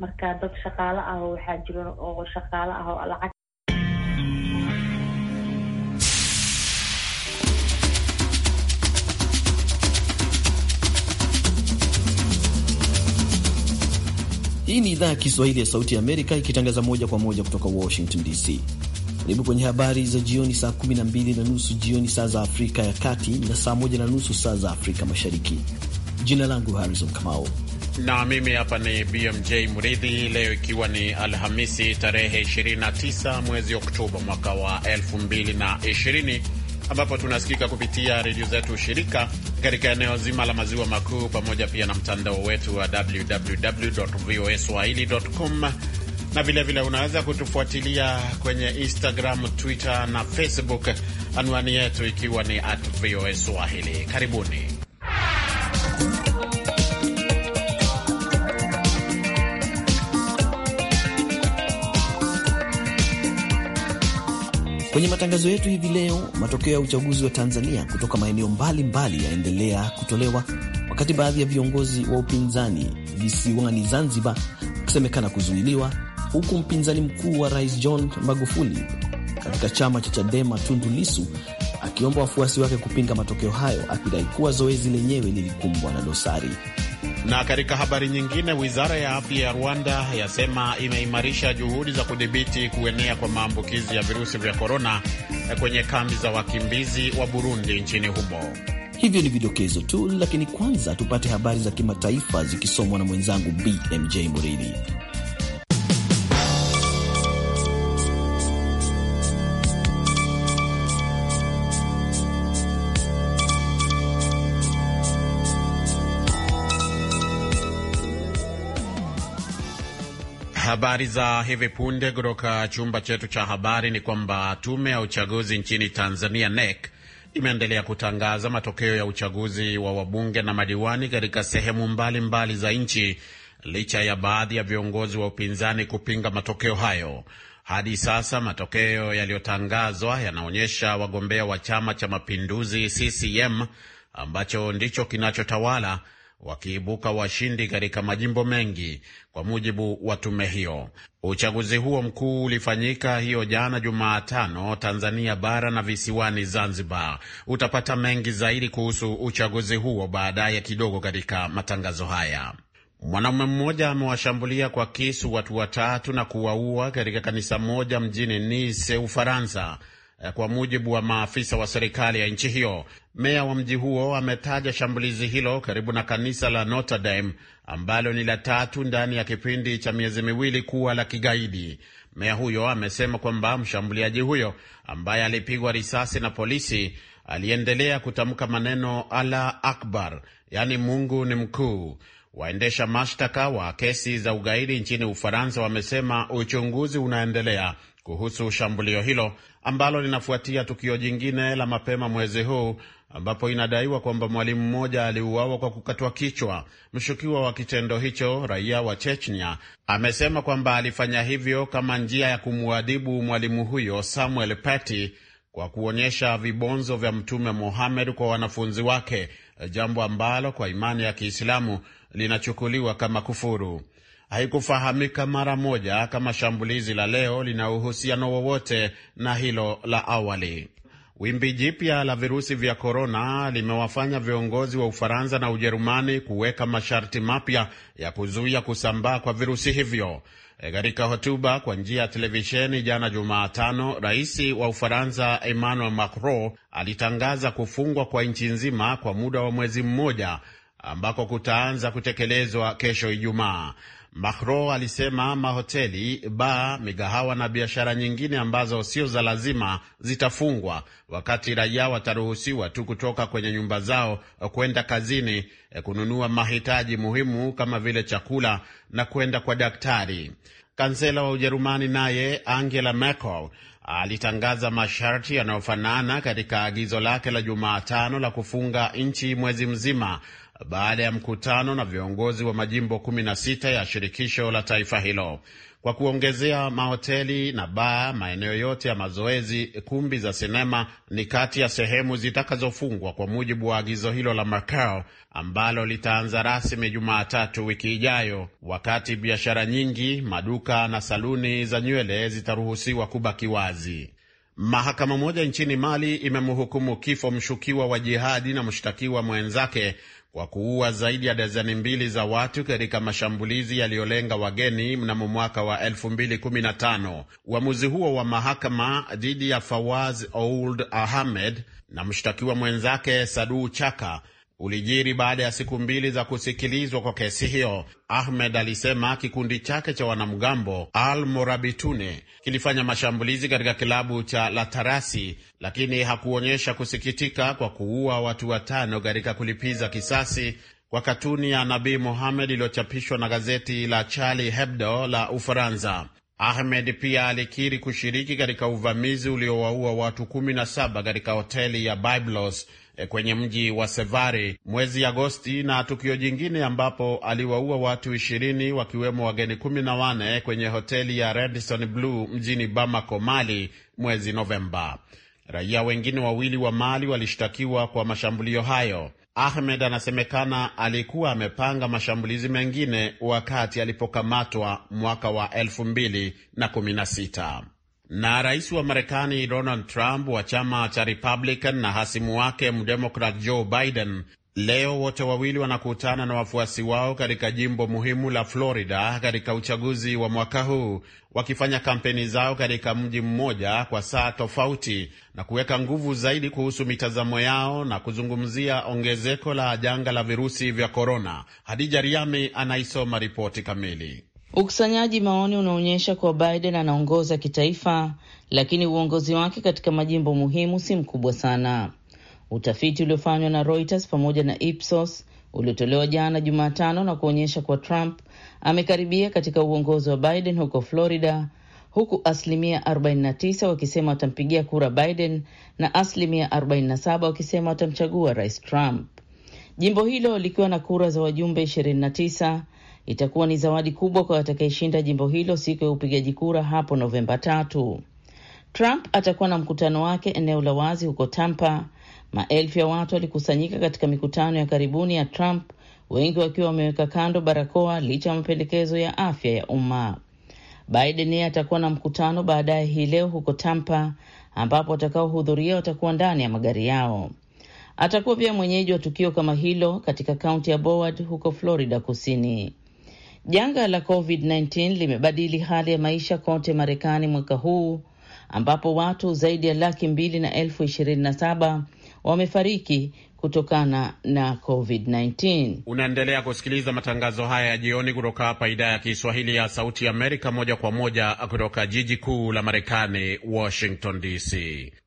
marka dad shaqaalo ah oo waxaa jira oo shaqaalo ah oo lacag Hii ni idhaa ya Kiswahili ya Sauti ya Amerika ikitangaza moja kwa moja kutoka Washington DC. Karibu kwenye habari za jioni, saa 12 na nusu jioni saa za Afrika ya Kati na saa 1 na nusu saa za Afrika Mashariki. Jina langu Harrison Kamau na mimi hapa ni BMJ Mridhi. Leo ikiwa ni Alhamisi tarehe 29 mwezi Oktoba mwaka wa 2020 ambapo tunasikika kupitia redio zetu shirika katika eneo zima la maziwa makuu pamoja pia na mtandao wetu wa www voa swahili.com, na vilevile unaweza kutufuatilia kwenye Instagram, Twitter na Facebook, anwani yetu ikiwa ni at voa swahili. Karibuni. Kwenye matangazo yetu hivi leo, matokeo ya uchaguzi wa Tanzania kutoka maeneo mbalimbali yaendelea kutolewa, wakati baadhi ya viongozi wa upinzani visiwani Zanzibar kusemekana kuzuiliwa, huku mpinzani mkuu wa rais John Magufuli katika chama cha Chadema Tundu Lisu akiomba wafuasi wake kupinga matokeo hayo, akidai kuwa zoezi lenyewe lilikumbwa na dosari. Na katika habari nyingine, wizara ya afya ya Rwanda yasema imeimarisha juhudi za kudhibiti kuenea kwa maambukizi ya virusi vya korona kwenye kambi za wakimbizi wa Burundi nchini humo. Hivyo ni vidokezo tu, lakini kwanza tupate habari za kimataifa zikisomwa na mwenzangu BMJ Muridhi. Habari za hivi punde kutoka chumba chetu cha habari ni kwamba tume ya uchaguzi nchini Tanzania, NEC, imeendelea kutangaza matokeo ya uchaguzi wa wabunge na madiwani katika sehemu mbalimbali mbali za nchi licha ya baadhi ya viongozi wa upinzani kupinga matokeo hayo. Hadi sasa matokeo yaliyotangazwa yanaonyesha wagombea wa Chama cha Mapinduzi CCM ambacho ndicho kinachotawala wakiibuka washindi katika majimbo mengi, kwa mujibu wa tume hiyo. Uchaguzi huo mkuu ulifanyika hiyo jana Jumatano, Tanzania bara na visiwani Zanzibar. Utapata mengi zaidi kuhusu uchaguzi huo baadaye kidogo katika matangazo haya. Mwanaume mmoja amewashambulia kwa kisu watu watatu na kuwaua katika kanisa moja mjini Nice, Ufaransa, Eh, kwa mujibu wa maafisa wa serikali ya nchi hiyo. Meya wa mji huo ametaja shambulizi hilo karibu na kanisa la Notre Dame ambalo ni la tatu ndani ya kipindi cha miezi miwili kuwa la kigaidi. Meya huyo amesema kwamba mshambuliaji huyo ambaye alipigwa risasi na polisi aliendelea kutamka maneno Allah Akbar, yaani Mungu ni mkuu. Waendesha mashtaka wa kesi za ugaidi nchini Ufaransa wamesema uchunguzi unaendelea kuhusu shambulio hilo ambalo linafuatia tukio jingine la mapema mwezi huu ambapo inadaiwa kwamba mwalimu mmoja aliuawa kwa kukatwa kichwa. Mshukiwa wa kitendo hicho, raia wa Chechnya, amesema kwamba alifanya hivyo kama njia ya kumwadhibu mwalimu huyo Samuel Paty kwa kuonyesha vibonzo vya Mtume Mohamed kwa wanafunzi wake, jambo ambalo kwa imani ya Kiislamu linachukuliwa kama kufuru haikufahamika mara moja kama shambulizi la leo lina uhusiano wowote na hilo la awali. Wimbi jipya la virusi vya korona limewafanya viongozi wa Ufaransa na Ujerumani kuweka masharti mapya ya kuzuia kusambaa kwa virusi hivyo. Katika hotuba kwa njia ya televisheni jana Jumatano, rais wa Ufaransa Emmanuel Macron alitangaza kufungwa kwa nchi nzima kwa muda wa mwezi mmoja ambako kutaanza kutekelezwa kesho Ijumaa. Macron alisema mahoteli, baa, migahawa na biashara nyingine ambazo sio za lazima zitafungwa, wakati raia wataruhusiwa tu kutoka kwenye nyumba zao eh, kwenda kazini, eh, kununua mahitaji muhimu kama vile chakula na kwenda kwa daktari. Kansela wa Ujerumani naye Angela Merkel alitangaza masharti yanayofanana katika agizo lake la Jumatano la kufunga nchi mwezi mzima baada ya mkutano na viongozi wa majimbo 16 ya shirikisho la taifa hilo. Kwa kuongezea, mahoteli na baa, maeneo yote ya mazoezi, kumbi za sinema ni kati ya sehemu zitakazofungwa kwa mujibu wa agizo hilo la Macao ambalo litaanza rasmi Jumatatu wiki ijayo, wakati biashara nyingi, maduka na saluni za nywele zitaruhusiwa kubaki wazi. Mahakama moja nchini Mali imemhukumu kifo mshukiwa wa jihadi na mshtakiwa mwenzake kwa kuua zaidi ya dazeni mbili za watu katika mashambulizi yaliyolenga wageni mnamo mwaka wa 2015. Uamuzi huo wa mahakama dhidi ya Fawaz Ould Ahmed na mshtakiwa mwenzake saduu Chaka ulijiri baada ya siku mbili za kusikilizwa kwa kesi hiyo. Ahmed alisema kikundi chake cha wanamgambo Al Morabitune kilifanya mashambulizi katika kilabu cha Latarasi, lakini hakuonyesha kusikitika kwa kuua watu watano katika kulipiza kisasi kwa katuni ya Nabii Mohamed iliyochapishwa na gazeti la Charlie Hebdo la Ufaransa. Ahmed pia alikiri kushiriki katika uvamizi uliowaua watu 17 katika hoteli ya Byblos Eh, kwenye mji wa Sevari mwezi Agosti, na tukio jingine ambapo aliwaua watu ishirini wakiwemo wageni kumi na wane kwenye hoteli ya Radisson blue mjini Bamako, Mali mwezi Novemba. Raia wengine wawili wa Mali walishtakiwa kwa mashambulio hayo. Ahmed anasemekana alikuwa amepanga mashambulizi mengine wakati alipokamatwa mwaka wa elfu mbili na kumi na sita. Na rais wa Marekani Donald Trump wa chama cha Republican na hasimu wake mdemokrat Joe Biden leo wote wawili wanakutana na wafuasi wao katika jimbo muhimu la Florida katika uchaguzi wa mwaka huu, wakifanya kampeni zao katika mji mmoja kwa saa tofauti na kuweka nguvu zaidi kuhusu mitazamo yao na kuzungumzia ongezeko la janga la virusi vya korona. Hadija Riami anaisoma ripoti kamili. Ukusanyaji maoni unaonyesha kuwa Biden anaongoza kitaifa, lakini uongozi wake katika majimbo muhimu si mkubwa sana. Utafiti uliofanywa na Reuters pamoja na Ipsos uliotolewa jana Jumatano na kuonyesha kuwa Trump amekaribia katika uongozi wa Biden huko Florida, huku asilimia 49 wakisema watampigia kura Biden na asilimia 47 wakisema watamchagua Rais Trump, jimbo hilo likiwa na kura za wajumbe 29 itakuwa ni zawadi kubwa kwa watakayeshinda jimbo hilo siku ya upigaji kura hapo Novemba tatu. Trump atakuwa na mkutano wake eneo la wazi huko Tampa. Maelfu ya watu walikusanyika katika mikutano ya karibuni ya Trump, wengi wakiwa wameweka kando barakoa licha ya mapendekezo ya afya ya umma. Biden yeye atakuwa na mkutano baadaye hii leo huko Tampa, ambapo watakaohudhuria watakuwa ndani ya magari yao. Atakuwa pia mwenyeji wa tukio kama hilo katika kaunti ya Broward huko Florida Kusini. Janga la COVID-19 limebadili hali ya maisha kote Marekani mwaka huu ambapo watu zaidi ya laki mbili na elfu ishirini na saba wamefariki kutokana na COVID-19. Unaendelea kusikiliza matangazo haya ya jioni kutoka hapa idhaa ya Kiswahili ya Sauti ya Amerika, moja kwa moja kutoka jiji kuu la Marekani, Washington DC.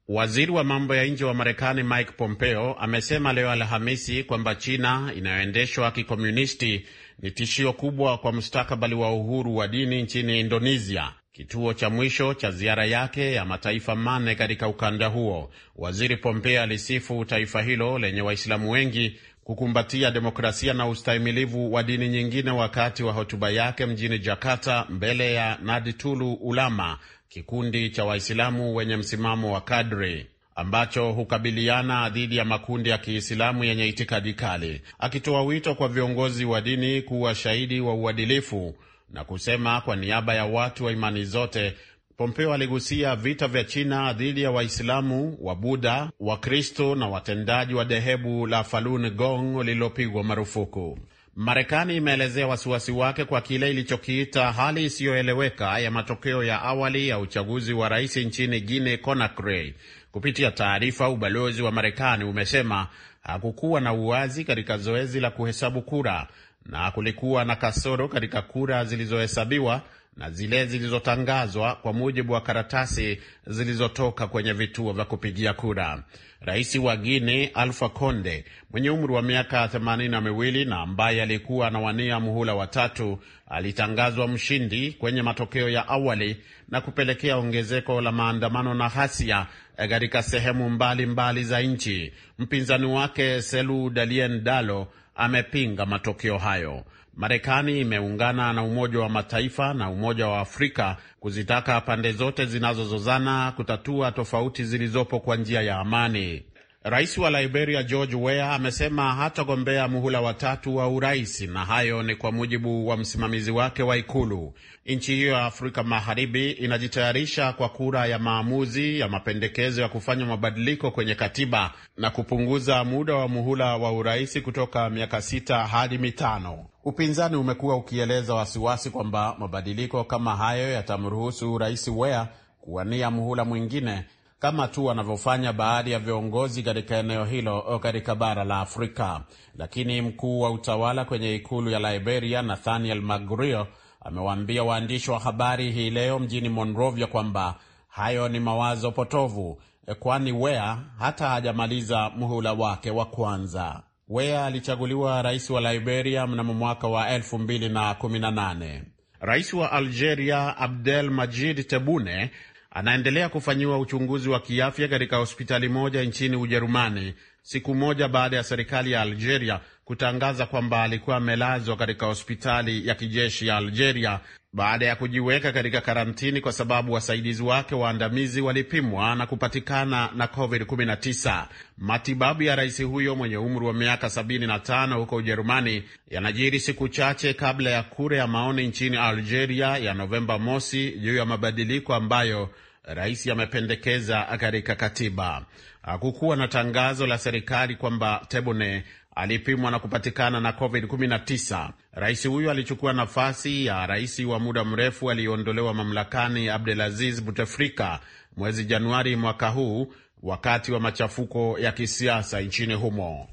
Waziri wa mambo ya nje wa Marekani Mike Pompeo amesema leo Alhamisi kwamba China inayoendeshwa kikomunisti ni tishio kubwa kwa mustakabali wa uhuru wa dini nchini Indonesia, kituo cha mwisho cha ziara yake ya mataifa mane katika ukanda huo. Waziri Pompeo alisifu taifa hilo lenye Waislamu wengi kukumbatia demokrasia na ustahimilivu wa dini nyingine wakati wa hotuba yake mjini Jakarta mbele ya naditulu Ulama, kikundi cha Waislamu wenye msimamo wa kadri ambacho hukabiliana dhidi ya makundi ya Kiislamu yenye itikadi kali, akitoa wito kwa viongozi wa dini kuwa shahidi wa uadilifu na kusema kwa niaba ya watu wa imani zote. Pompeo aligusia vita vya China dhidi ya Waislamu, Wabuddha, Wakristo na watendaji wa dhehebu la Falun Gong lililopigwa marufuku. Marekani imeelezea wasiwasi wake kwa kile ilichokiita hali isiyoeleweka ya matokeo ya awali ya uchaguzi wa rais nchini Guinea Conakry Kupitia taarifa, ubalozi wa Marekani umesema hakukuwa na uwazi katika zoezi la kuhesabu kura na kulikuwa na kasoro katika kura zilizohesabiwa na zile zilizotangazwa kwa mujibu wa karatasi zilizotoka kwenye vituo vya kupigia kura. Rais wa guine alfa Conde mwenye umri wa miaka themanini na miwili na ambaye alikuwa anawania muhula watatu alitangazwa mshindi kwenye matokeo ya awali na kupelekea ongezeko la maandamano na ghasia eh, katika sehemu mbalimbali mbali za nchi. Mpinzani wake Selu Dalien Dalo amepinga matokeo hayo. Marekani imeungana na Umoja wa Mataifa na Umoja wa Afrika kuzitaka pande zote zinazozozana kutatua tofauti zilizopo kwa njia ya amani. Rais wa Liberia George Weah amesema hatagombea muhula watatu wa urais, na hayo ni kwa mujibu wa msimamizi wake wa Ikulu. Nchi hiyo ya Afrika Magharibi inajitayarisha kwa kura ya maamuzi ya mapendekezo ya kufanya mabadiliko kwenye katiba na kupunguza muda wa muhula wa urais kutoka miaka sita hadi mitano. Upinzani umekuwa ukieleza wasiwasi kwamba mabadiliko kama hayo yatamruhusu Rais Weah kuwania muhula mwingine kama tu wanavyofanya baadhi ya viongozi katika eneo hilo katika bara la Afrika. Lakini mkuu wa utawala kwenye ikulu ya Liberia, Nathaniel Magrio, amewaambia waandishi wa habari hii leo mjini Monrovia kwamba hayo ni mawazo potovu, e, kwani Wea hata hajamaliza muhula wake wa kwanza. Wea alichaguliwa rais wa Liberia mnamo mwaka wa 2018. Rais wa Algeria Abdel Majid Tebune anaendelea kufanyiwa uchunguzi wa kiafya katika hospitali moja nchini Ujerumani siku moja baada ya serikali ya Algeria kutangaza kwamba alikuwa amelazwa katika hospitali ya kijeshi ya Algeria baada ya kujiweka katika karantini kwa sababu wasaidizi wake waandamizi walipimwa na kupatikana na COVID-19. Matibabu ya rais huyo mwenye umri wa miaka 75 huko Ujerumani yanajiri siku chache kabla ya kura ya maoni nchini Algeria ya Novemba mosi juu ya mabadiliko ambayo rais amependekeza katika katiba. Hakukuwa na tangazo la serikali kwamba Tebune alipimwa na kupatikana na COVID-19. Rais huyo alichukua nafasi ya rais wa muda mrefu aliyeondolewa mamlakani Abdelaziz Buteflika mwezi Januari mwaka huu wakati wa machafuko ya kisiasa nchini humo.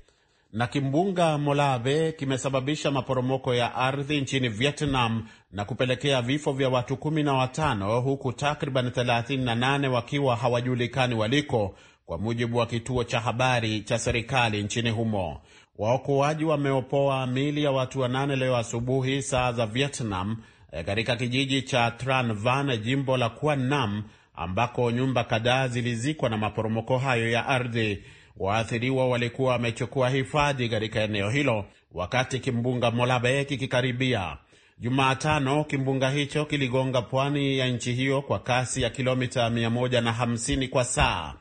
Na kimbunga Molave kimesababisha maporomoko ya ardhi nchini Vietnam na kupelekea vifo vya watu kumi na watano huku takriban 38 wakiwa hawajulikani waliko, kwa mujibu wa kituo cha habari cha serikali nchini humo. Waokoaji wameopoa mili ya watu wanane leo asubuhi saa za Vietnam eh, katika kijiji cha Tran Van, jimbo la Quang Nam, ambako nyumba kadhaa zilizikwa na maporomoko hayo ya ardhi. Waathiriwa walikuwa wamechukua hifadhi katika eneo hilo wakati kimbunga Molabe kikikaribia. Jumatano kimbunga hicho kiligonga pwani ya nchi hiyo kwa kasi ya kilomita 150 kwa saa.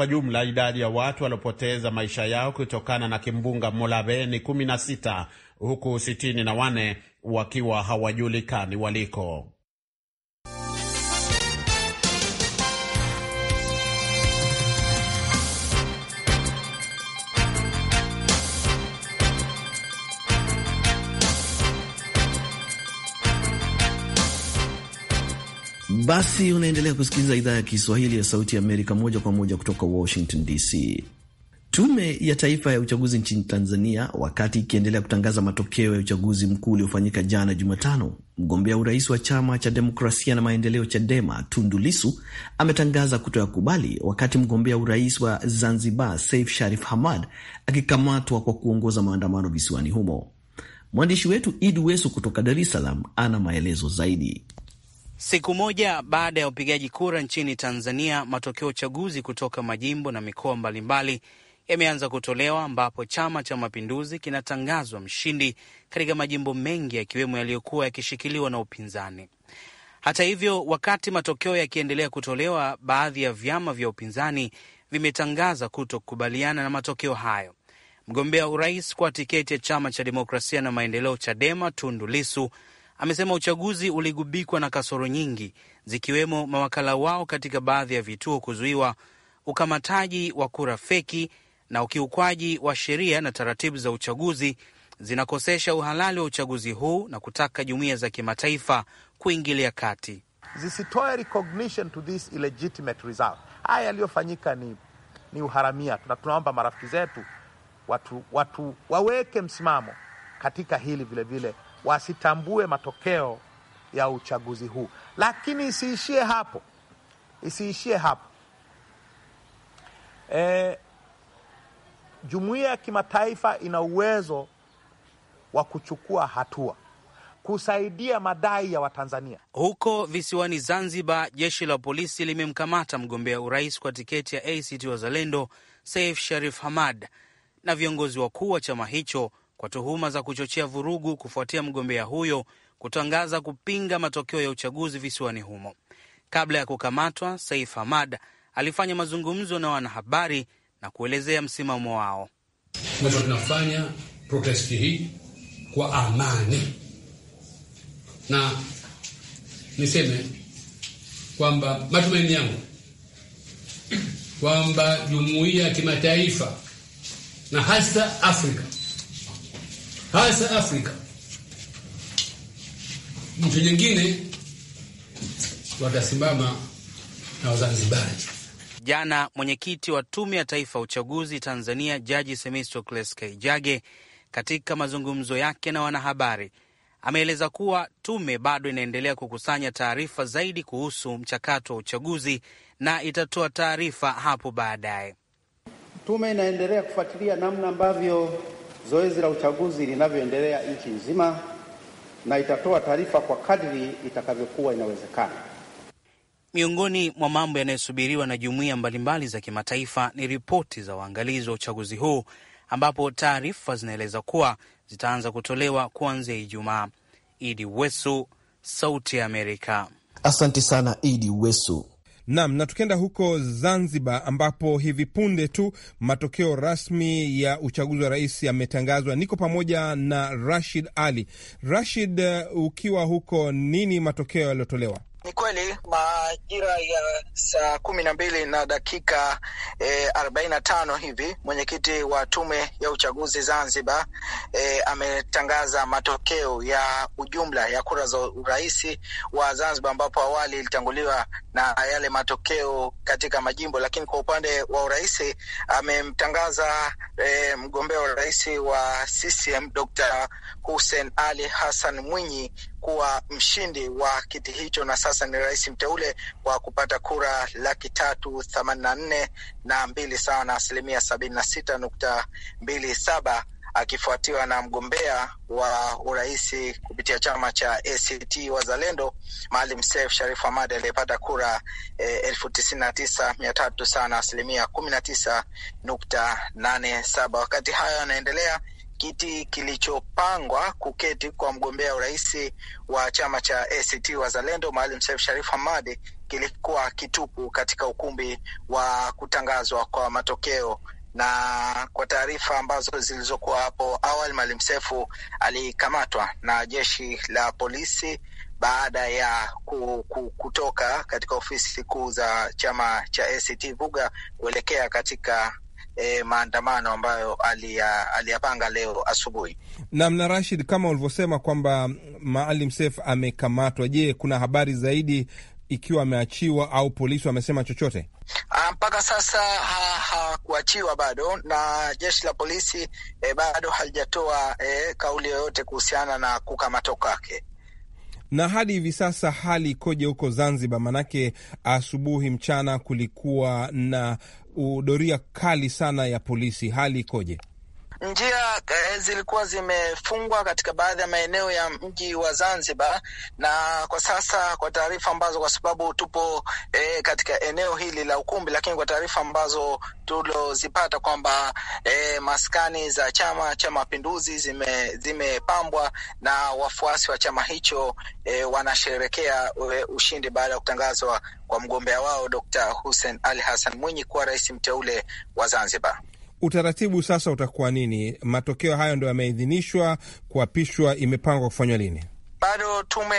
Kwa jumla idadi ya watu waliopoteza maisha yao kutokana na kimbunga Molave ni 16 huku 64 wakiwa hawajulikani waliko. Basi unaendelea kusikiliza idhaa ya Kiswahili ya Sauti ya Amerika moja kwa moja kutoka Washington DC. Tume ya Taifa ya Uchaguzi nchini Tanzania, wakati ikiendelea kutangaza matokeo ya uchaguzi mkuu uliofanyika jana Jumatano, mgombea urais wa chama cha demokrasia na maendeleo CHADEMA Tundu Lisu ametangaza kutoyakubali, wakati mgombea urais wa Zanzibar Saif Sharif Hamad akikamatwa kwa kuongoza maandamano visiwani humo. Mwandishi wetu Idi Wesu kutoka Dar es Salaam ana maelezo zaidi. Siku moja baada ya upigaji kura nchini Tanzania, matokeo ya uchaguzi kutoka majimbo na mikoa mbalimbali yameanza kutolewa, ambapo Chama cha Mapinduzi kinatangazwa mshindi katika majimbo mengi yakiwemo yaliyokuwa yakishikiliwa na upinzani. Hata hivyo, wakati matokeo yakiendelea kutolewa, baadhi ya vyama vya upinzani vimetangaza kutokubaliana na matokeo hayo. Mgombea urais kwa tiketi ya chama cha demokrasia na maendeleo, Chadema, Tundu Lisu amesema uchaguzi uligubikwa na kasoro nyingi zikiwemo mawakala wao katika baadhi ya vituo kuzuiwa, ukamataji wa kura feki na ukiukwaji wa sheria na taratibu za uchaguzi zinakosesha uhalali wa uchaguzi huu na kutaka jumuiya za kimataifa kuingilia kati zisitoe recognition to this illegitimate result. Haya yaliyofanyika ni, ni uharamia na tunaomba marafiki zetu watu, watu waweke msimamo katika hili vilevile vile wasitambue matokeo ya uchaguzi huu. Lakini isiishie hapo, isiishie hapo. E, jumuiya ya kimataifa ina uwezo wa kuchukua hatua kusaidia madai ya Watanzania. Huko visiwani Zanzibar, jeshi la polisi limemkamata mgombea urais kwa tiketi ya ACT Wazalendo Saif Sharif Hamad na viongozi wakuu wa chama hicho kwa tuhuma za kuchochea vurugu kufuatia mgombea huyo kutangaza kupinga matokeo ya uchaguzi visiwani humo. Kabla ya kukamatwa, Saif Hamad alifanya mazungumzo na wanahabari na kuelezea msimamo wao. Tunafanya protesti hii kwa amani, na niseme kwamba matumaini yangu kwamba jumuiya ya kimataifa na hasa Afrika hasa Afrika. Nchi nyingine watasimama na Wazanzibari. Jana mwenyekiti wa Tume ya Taifa ya Uchaguzi Tanzania, Jaji Semistocles Kaijage, katika mazungumzo yake na wanahabari ameeleza kuwa tume bado inaendelea kukusanya taarifa zaidi kuhusu mchakato wa uchaguzi na itatoa taarifa hapo baadaye. Tume inaendelea kufuatilia namna ambavyo zoezi la uchaguzi linavyoendelea nchi nzima na itatoa taarifa kwa kadri itakavyokuwa inawezekana. Miongoni mwa mambo yanayosubiriwa na jumuiya mbalimbali za kimataifa ni ripoti za waangalizi wa uchaguzi huu, ambapo taarifa zinaeleza kuwa zitaanza kutolewa kuanzia Ijumaa. Idi Wesu, Sauti ya Amerika. Asante sana Idi Wesu. Nam, na tukienda huko Zanzibar, ambapo hivi punde tu matokeo rasmi ya uchaguzi wa rais yametangazwa. Niko pamoja na Rashid Ali. Rashid, ukiwa huko, nini matokeo yaliyotolewa? Ni kweli majira ya saa kumi na mbili na dakika eh, arobaini na tano hivi mwenyekiti wa tume ya uchaguzi Zanzibar e, ametangaza matokeo ya ujumla ya kura za urais wa Zanzibar, ambapo awali ilitanguliwa na yale matokeo katika majimbo, lakini kwa upande wa urais amemtangaza e, mgombea wa urais wa CCM Dr. Hussein Ali Hassan Mwinyi kuwa mshindi wa kiti hicho, na sasa ni rais mteule wa kupata kura laki tatu themanini na nne na mbili sawa na asilimia sabini na sita nukta mbili saba akifuatiwa na mgombea wa urais kupitia chama cha ACT Wazalendo Maalim Seif Sharif Hamad aliyepata kura eh, elfu tisini na tisa mia tatu na asilimia kumi na tisa nukta nane saba. Wakati hayo yanaendelea kiti kilichopangwa kuketi kwa mgombea urais wa chama cha ACT Wazalendo Maalim Seif Sharif Hamad kilikuwa kitupu katika ukumbi wa kutangazwa kwa matokeo na kwa taarifa ambazo zilizokuwa hapo awali, Maalim Seif alikamatwa na jeshi la polisi baada ya kutoka katika ofisi kuu za chama cha ACT Vuga kuelekea katika e, maandamano ambayo aliyapanga leo asubuhi. Naam, na Rashid, kama ulivyosema kwamba Maalim Seif amekamatwa, je, kuna habari zaidi ikiwa ameachiwa au polisi wamesema chochote? Ah, mpaka sasa hakuachiwa ha, bado na jeshi la polisi eh, bado halijatoa eh, kauli yoyote kuhusiana na kukamatwa kwake. Na hadi hivi sasa hali ikoje huko Zanzibar? Manake asubuhi, mchana kulikuwa na udoria kali sana ya polisi, hali ikoje? Njia eh, zilikuwa zimefungwa katika baadhi ya maeneo ya mji wa Zanzibar, na kwa sasa, kwa taarifa ambazo, kwa sababu tupo eh, katika eneo hili la ukumbi, lakini kwa taarifa ambazo tulozipata kwamba eh, maskani za Chama cha Mapinduzi zimepambwa zime na wafuasi wa chama hicho eh, wanasherekea eh, ushindi baada ya kutangazwa kwa mgombea wao Dr. Hussein Ali Hassan Mwinyi kuwa rais mteule wa Zanzibar utaratibu sasa utakuwa nini? Matokeo hayo ndo yameidhinishwa, kuapishwa, imepangwa kufanywa lini? Bado tume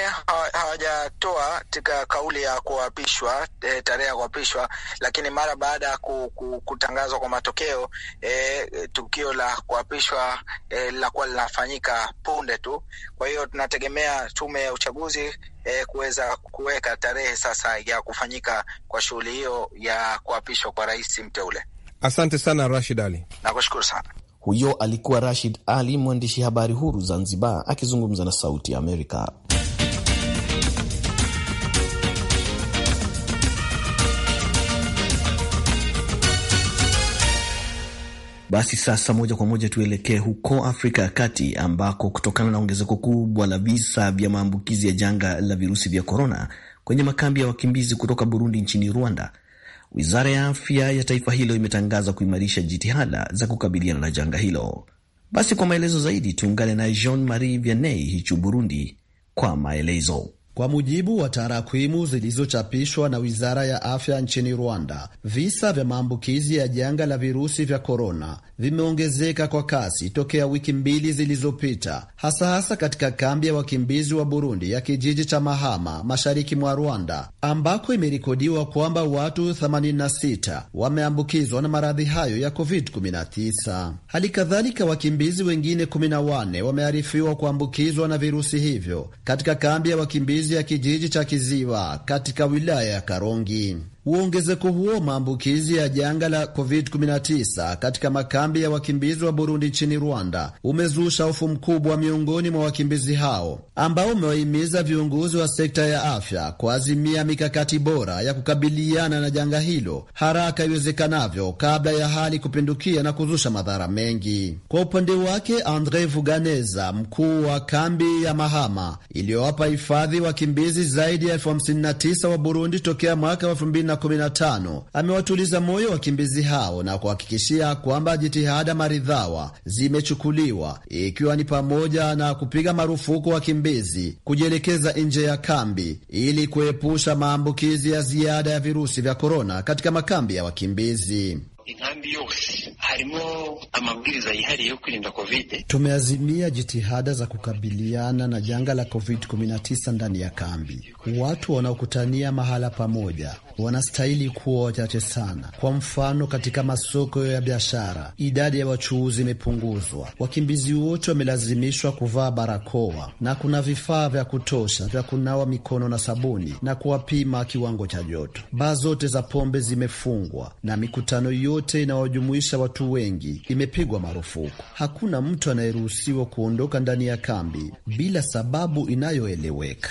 hawajatoa katika kauli ya kuapishwa e, tarehe ya kuapishwa, lakini mara baada ya ku, ku, kutangazwa kwa matokeo e, tukio la kuapishwa e, linakuwa linafanyika punde tu. Kwa hiyo tunategemea tume ya uchaguzi e, kuweza kuweka tarehe sasa ya kufanyika kwa shughuli hiyo ya kuapishwa kwa rais mteule. Asante sana Rashid Ali, nakushukuru sana. Huyo alikuwa Rashid Ali, mwandishi habari huru Zanzibar, akizungumza na Sauti ya Amerika. Basi sasa moja kwa moja tuelekee huko Afrika ya Kati ambako kutokana na ongezeko kubwa la visa vya maambukizi ya janga la virusi vya korona kwenye makambi ya wakimbizi kutoka Burundi nchini Rwanda, Wizara ya afya ya taifa hilo imetangaza kuimarisha jitihada za kukabiliana na janga hilo. Basi kwa maelezo zaidi tuungane na Jean Marie Vianney Hichu, Burundi, kwa maelezo kwa mujibu wa tarakwimu zilizochapishwa na wizara ya afya nchini Rwanda, visa vya maambukizi ya janga la virusi vya korona vimeongezeka kwa kasi tokea wiki mbili zilizopita, hasa hasa katika kambi ya wakimbizi wa Burundi ya kijiji cha Mahama mashariki mwa Rwanda, ambako imerekodiwa kwamba watu 86 wameambukizwa na maradhi hayo ya COVID-19. Hali kadhalika wakimbizi wengine 14 wamearifiwa kuambukizwa na virusi hivyo katika kambi ya wakimbizi mashambulizi ya kijiji cha kiziwa katika wilaya ya Karongi. Uongezeko huo maambukizi ya janga la COVID-19 katika makambi ya wakimbizi wa Burundi nchini Rwanda umezusha hofu mkubwa miongoni mwa wakimbizi hao ambao umewahimiza viongozi wa sekta ya afya kuazimia mikakati bora ya kukabiliana na janga hilo haraka iwezekanavyo kabla ya hali kupindukia na kuzusha madhara mengi. Kwa upande wake, Andre Vuganeza, mkuu wa kambi ya Mahama iliyowapa hifadhi wakimbizi zaidi ya elfu hamsini na tisa wa Burundi tokea mwaka wa elfu mbili na amewatuliza moyo wakimbizi hao na kuhakikishia kwamba jitihada maridhawa zimechukuliwa ikiwa ni pamoja na kupiga marufuku wakimbizi kujielekeza nje ya kambi ili kuepusha maambukizi ya ziada ya virusi vya korona katika makambi ya wakimbizi inkambi yose harimo amabwiriza yihariye yo kwirinda covid. Tumeazimia jitihada za kukabiliana na janga la covid-19 ndani ya kambi. Watu wanaokutania mahala pamoja wanastahili kuwa wachache sana. Kwa mfano, katika masoko ya biashara idadi ya wachuuzi imepunguzwa, wakimbizi wote wamelazimishwa kuvaa barakoa na kuna vifaa vya kutosha vya kunawa mikono na sabuni na kuwapima kiwango cha joto. Baa zote za pombe zimefungwa na mikutano yote yote inayojumuisha watu wengi imepigwa marufuku. Hakuna mtu anayeruhusiwa kuondoka ndani ya kambi bila sababu inayoeleweka.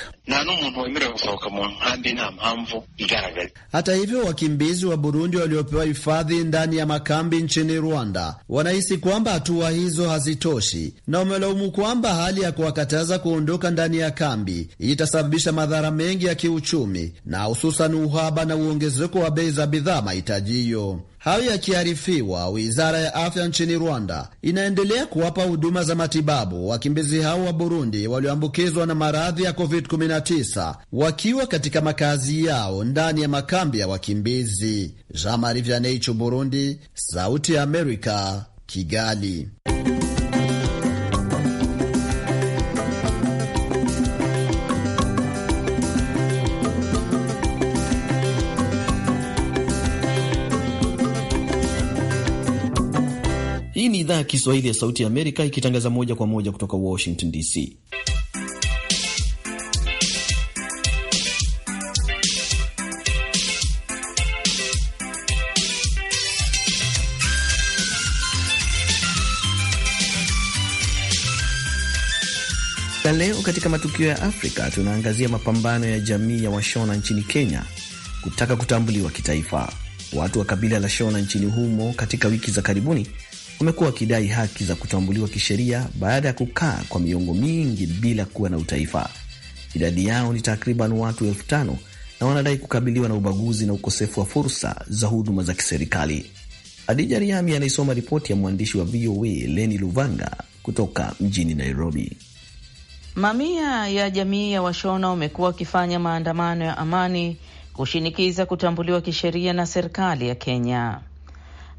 Hata hivyo, wakimbizi wa Burundi waliopewa hifadhi ndani ya makambi nchini Rwanda wanahisi kwamba hatua hizo hazitoshi na wamelaumu kwamba hali ya kuwakataza kuondoka ndani ya kambi itasababisha madhara mengi ya kiuchumi na hususan uhaba na uongezeko wa bei za bidhaa mahitajiyo Hayo yakiarifiwa, wizara ya afya nchini Rwanda inaendelea kuwapa huduma za matibabu wakimbizi hao wa Burundi walioambukizwa na maradhi ya COVID-19 wakiwa katika makazi yao ndani ya makambi ya wakimbizi. Jean Marie Vianney, Burundi, Sauti ya Amerika, Kigali. Hii ni idhaa ya Kiswahili ya Sauti ya Amerika ikitangaza moja kwa moja kutoka Washington DC. Na leo katika matukio ya Afrika tunaangazia mapambano ya jamii ya Washona nchini Kenya kutaka kutambuliwa kitaifa. Watu wa kabila la Shona nchini humo katika wiki za karibuni wamekuwa wakidai haki za kutambuliwa kisheria baada ya kukaa kwa miongo mingi bila kuwa na utaifa. Idadi yao ni takriban watu elfu tano na wanadai kukabiliwa na ubaguzi na ukosefu wa fursa za huduma za kiserikali. Adija Riami anaisoma ripoti ya mwandishi wa VOA Leni Luvanga kutoka mjini Nairobi. Mamia ya jamii ya Washona wamekuwa wakifanya maandamano ya amani kushinikiza kutambuliwa kisheria na serikali ya Kenya.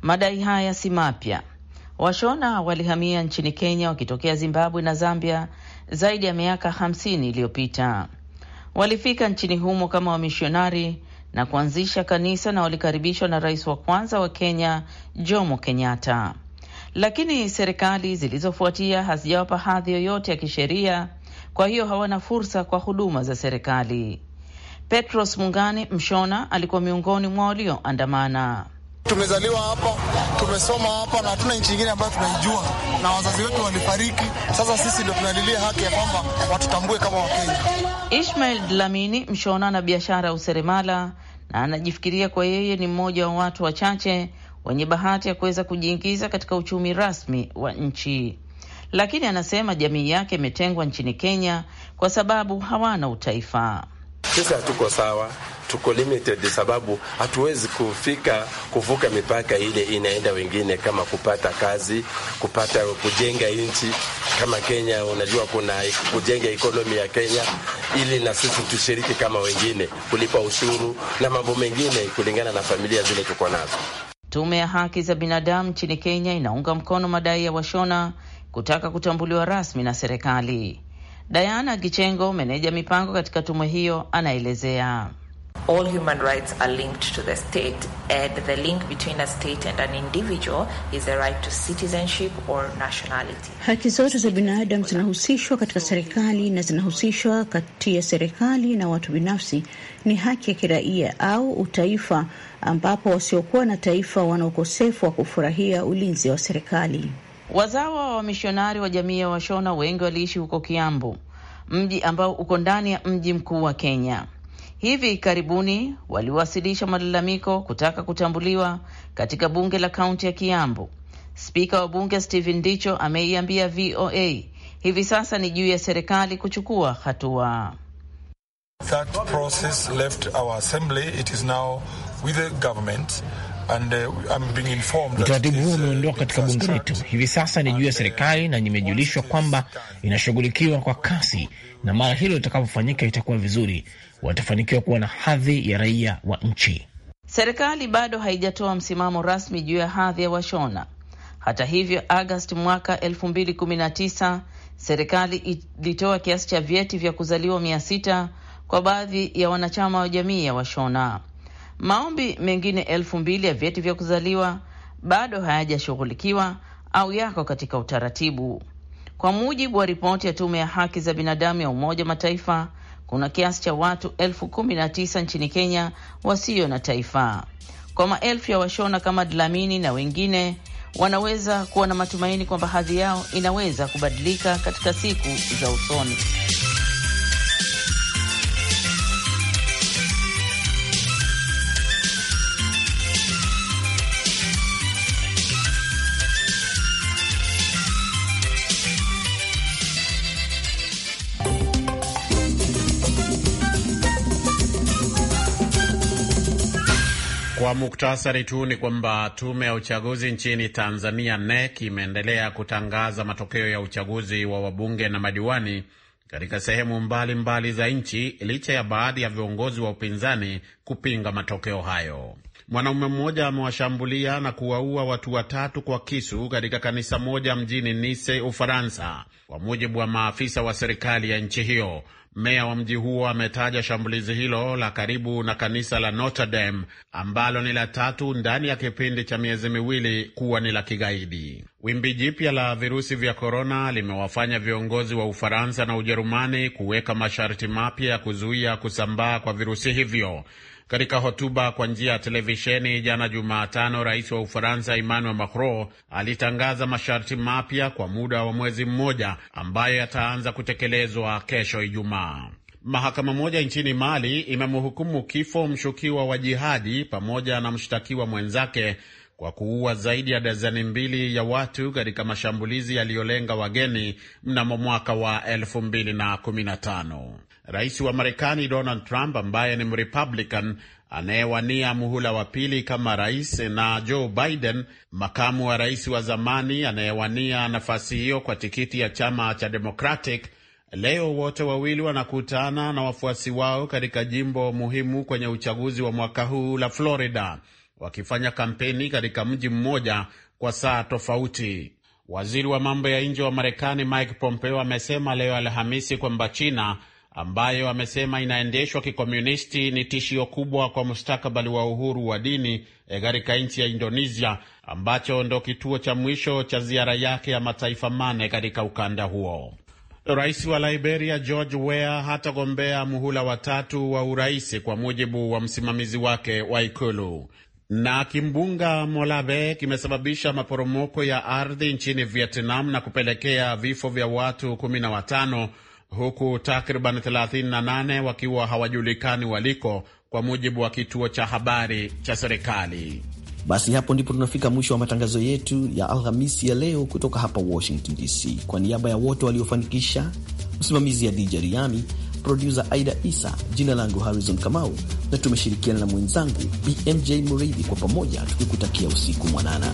Madai haya si mapya, Washona walihamia nchini Kenya wakitokea Zimbabwe na Zambia zaidi ya miaka hamsini iliyopita. Walifika nchini humo kama wamishonari na kuanzisha kanisa na walikaribishwa na rais wa kwanza wa Kenya Jomo Kenyatta, lakini serikali zilizofuatia hazijawapa hadhi yoyote ya kisheria, kwa hiyo hawana fursa kwa huduma za serikali. Petros Mungani Mshona alikuwa miongoni mwa walioandamana. Tumezaliwa hapa, tumesoma hapa na hatuna nchi nyingine ambayo tunaijua, na wazazi wetu walifariki. Sasa sisi ndio tunalilia haki ya kwamba watutambue kama Wakenya. Ishmael Dlamini, mshona na biashara ya useremala, na anajifikiria kwa yeye ni mmoja wa watu wachache wenye bahati ya kuweza kujiingiza katika uchumi rasmi wa nchi, lakini anasema jamii yake imetengwa nchini Kenya kwa sababu hawana utaifa. Sisi hatuko sawa, tuko limited sababu hatuwezi kufika kuvuka mipaka ile inaenda wengine, kama kupata kazi, kupata kujenga nchi kama Kenya. Unajua kuna kujenga ekonomi ya Kenya ili na sisi tushiriki kama wengine, kulipa ushuru na mambo mengine kulingana na familia zile tuko nazo. Tume ya haki za binadamu nchini Kenya inaunga mkono madai ya Washona kutaka kutambuliwa rasmi na serikali. Diana Gichengo, meneja mipango katika tume hiyo, anaelezea. All human rights are linked to the state and the link between a state and an individual is the right to citizenship or nationality. Haki zote za binadamu zinahusishwa katika serikali na zinahusishwa kati ya serikali na watu binafsi. Ni haki ya kiraia au utaifa, ambapo wasiokuwa na taifa wana ukosefu wa kufurahia ulinzi wa serikali. Wazawa wa wamishonari wa jamii ya Washona wengi waliishi huko Kiambu, mji ambao uko ndani ya mji mkuu wa Kenya. Hivi karibuni waliwasilisha malalamiko kutaka kutambuliwa katika bunge la kaunti ya Kiambu. Spika wa bunge Stephen Ndicho ameiambia VOA hivi sasa ni juu ya serikali kuchukua hatua. That process left our assembly. It is now with the government. Uh, Utaratibu huo uh, umeondoka katika bunge letu. Hivi sasa ni juu ya serikali, na nimejulishwa kwamba inashughulikiwa kwa kasi, na mara hilo litakapofanyika itakuwa vizuri, watafanikiwa kuwa na hadhi ya raia wa nchi. Serikali bado haijatoa msimamo rasmi juu ya hadhi ya Washona. Hata hivyo, Agasti mwaka 2019 serikali ilitoa kiasi cha vyeti vya kuzaliwa mia sita kwa baadhi ya wanachama wa jamii ya Washona. Maombi mengine elfu mbili ya vyeti vya kuzaliwa bado hayajashughulikiwa au yako katika utaratibu. Kwa mujibu wa ripoti ya tume ya haki za binadamu ya Umoja wa Mataifa, kuna kiasi cha watu elfu kumi na tisa nchini Kenya wasio na taifa. Kwa maelfu ya Washona kama Dlamini na wengine wanaweza kuwa na matumaini kwamba hadhi yao inaweza kubadilika katika siku za usoni. Kwa muktasari tu ni kwamba tume ya uchaguzi nchini Tanzania, NEC, imeendelea kutangaza matokeo ya uchaguzi wa wabunge na madiwani katika sehemu mbalimbali mbali za nchi licha ya baadhi ya viongozi wa upinzani kupinga matokeo hayo. Mwanaume mmoja amewashambulia na kuwaua watu watatu kwa kisu katika kanisa moja mjini Nice, Ufaransa, kwa mujibu wa maafisa wa serikali ya nchi hiyo. Meya wa mji huo ametaja shambulizi hilo la karibu na kanisa la Notre Dame ambalo ni la tatu ndani ya kipindi cha miezi miwili kuwa ni la kigaidi. Wimbi jipya la virusi vya korona limewafanya viongozi wa Ufaransa na Ujerumani kuweka masharti mapya ya kuzuia kusambaa kwa virusi hivyo. Katika hotuba kwa njia ya televisheni jana Jumatano, rais wa Ufaransa Emmanuel Macron alitangaza masharti mapya kwa muda wa mwezi mmoja ambayo yataanza kutekelezwa kesho Ijumaa. Mahakama moja nchini Mali imemhukumu kifo mshukiwa wa jihadi pamoja na mshtakiwa mwenzake kwa kuua zaidi ya dazeni mbili ya watu katika mashambulizi yaliyolenga wageni mnamo mwaka wa 2015. Rais wa Marekani Donald Trump ambaye ni Mrepublican anayewania muhula wa pili kama rais na Joe Biden, makamu wa rais wa zamani anayewania nafasi hiyo kwa tikiti ya chama cha Democratic, leo wote wawili wanakutana na wafuasi wao katika jimbo muhimu kwenye uchaguzi wa mwaka huu la Florida wakifanya kampeni katika mji mmoja kwa saa tofauti. Waziri wa mambo ya nje wa Marekani Mike Pompeo amesema leo Alhamisi kwamba China ambayo amesema inaendeshwa kikomunisti ni tishio kubwa kwa mustakabali wa uhuru wa dini eh, katika nchi ya Indonesia, ambacho ndo kituo cha mwisho cha ziara yake ya mataifa mane katika ukanda huo. Rais wa Liberia George Weah hatagombea muhula watatu wa urais kwa mujibu wa msimamizi wake wa ikulu. Na kimbunga Molave kimesababisha maporomoko ya ardhi nchini Vietnam na kupelekea vifo vya watu 15 huku takriban 38 wakiwa hawajulikani waliko, kwa mujibu wa kituo cha habari cha serikali. Basi hapo ndipo tunafika mwisho wa matangazo yetu ya Alhamisi ya leo kutoka hapa Washington DC. Kwa niaba ya wote waliofanikisha, msimamizi ya DJ Riami produsa Aida Isa. Jina langu Harrison Kamau na tumeshirikiana na mwenzangu BMJ Mureithi, kwa pamoja tukikutakia usiku mwanana.